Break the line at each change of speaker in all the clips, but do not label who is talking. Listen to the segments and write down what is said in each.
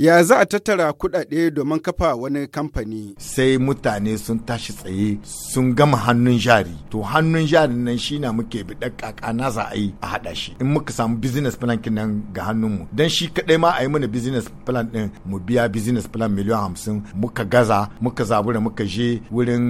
Ya za a tattara kuɗaɗe domin kafa wani kamfani?
Sai mutane sun tashi tsaye sun gama hannun jari. To hannun jari nan shi na muke bi kaka na za a yi a haɗa shi. In muka samu business plan nan ga hannun mu. Dan shi kaɗai ma a yi mana business plan ɗin mu biya business plan miliyan hamsin muka gaza muka zabura muka je wurin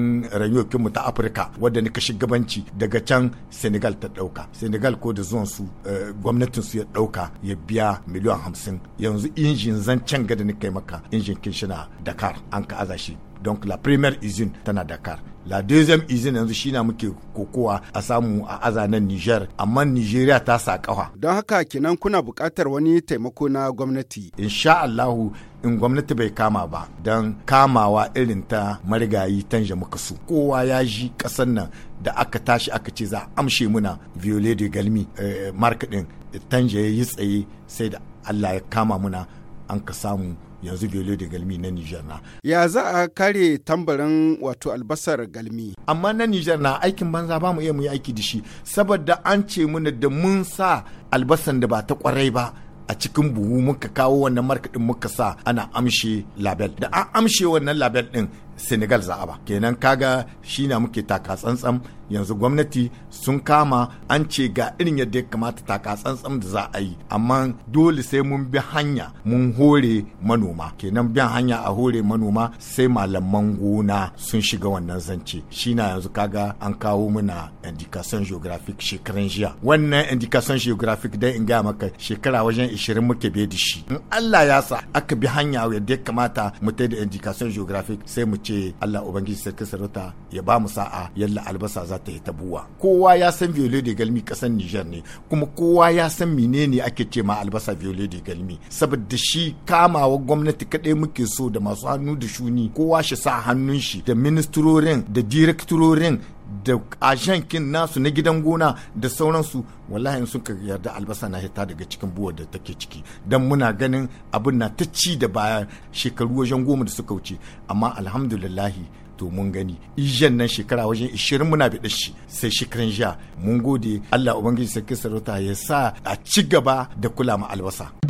mu ta Afirka wadda nika gabanci daga can Senegal ta ɗauka. Senegal ko da zuwan su eh, gwamnatin su ya ɗauka ya biya miliyan hamsin. Yanzu injin can. can gada ni kai maka injin kinshina dakar an ka aza shi donc la première usine tana dakar la deuxième usine yanzu shi na muke kokowa a samu a azanan niger amma nigeria ta sa kawa
don haka kinan kuna buƙatar wani taimako na gwamnati
insha allahu in gwamnati bai kama ba don kamawa irin ta marigayi tanja muka su kowa ya ji ƙasar nan da aka tashi aka ce za a amshe muna violet de galmi eh, market din tanja ya yi tsaye sai da allah ya kama muna an ka samu yanzu bele da galmi na Nijar na.
Ya za a kare tambarin wato albasar galmi. Amma
na Nijar na aikin banza ba mu iya mu yi aiki da shi saboda an ce muna da mun sa albasan da ba ta kwarai ba a cikin buhu muka kawo wannan markaɗin muka sa ana amshe label da an amshe wannan label ɗin senegal a ba kenan kaga shi na muke taka tsantsan yanzu gwamnati sun kama an ce ga irin yadda ya kamata taka tsantsan da za a yi amma dole sai mun bi hanya mun hore manoma kenan biyan hanya a hore manoma sai malaman gona sun shiga wannan zance shi na yanzu kaga an kawo muna indication geographic shekaran jiya wannan indication geographic dai in gaya maka shekara wajen 20 muke bai da shi in Allah ya sa aka bi hanya yadda ya kamata mu da indication geographic sai mu ci ce Allah ubangiji sarki sarauta ya ba mu sa'a yalla albasa za ta yi ta kowa ya san viole de galmi kasan nijar ne kuma kowa ya san menene ake ce ma albasa viole de galmi saboda shi kamawa gwamnati kaɗai muke so da masu hannu da shuni kowa shi sa hannun shi da ministrorin da direktorin da kin nasu na gidan gona da sauransu wallahi sun ka yarda albasa na hita daga cikin buwar da take ciki don muna ganin abin na ta ci da baya shekaru wajen goma da suka wuce amma alhamdulillahi to mun gani ijen nan shekara wajen 20 muna biɗa shi sai shekaran jiya mun gode Allah ubangiji sarki sarauta ya sa a ci gaba da kula ma albasa.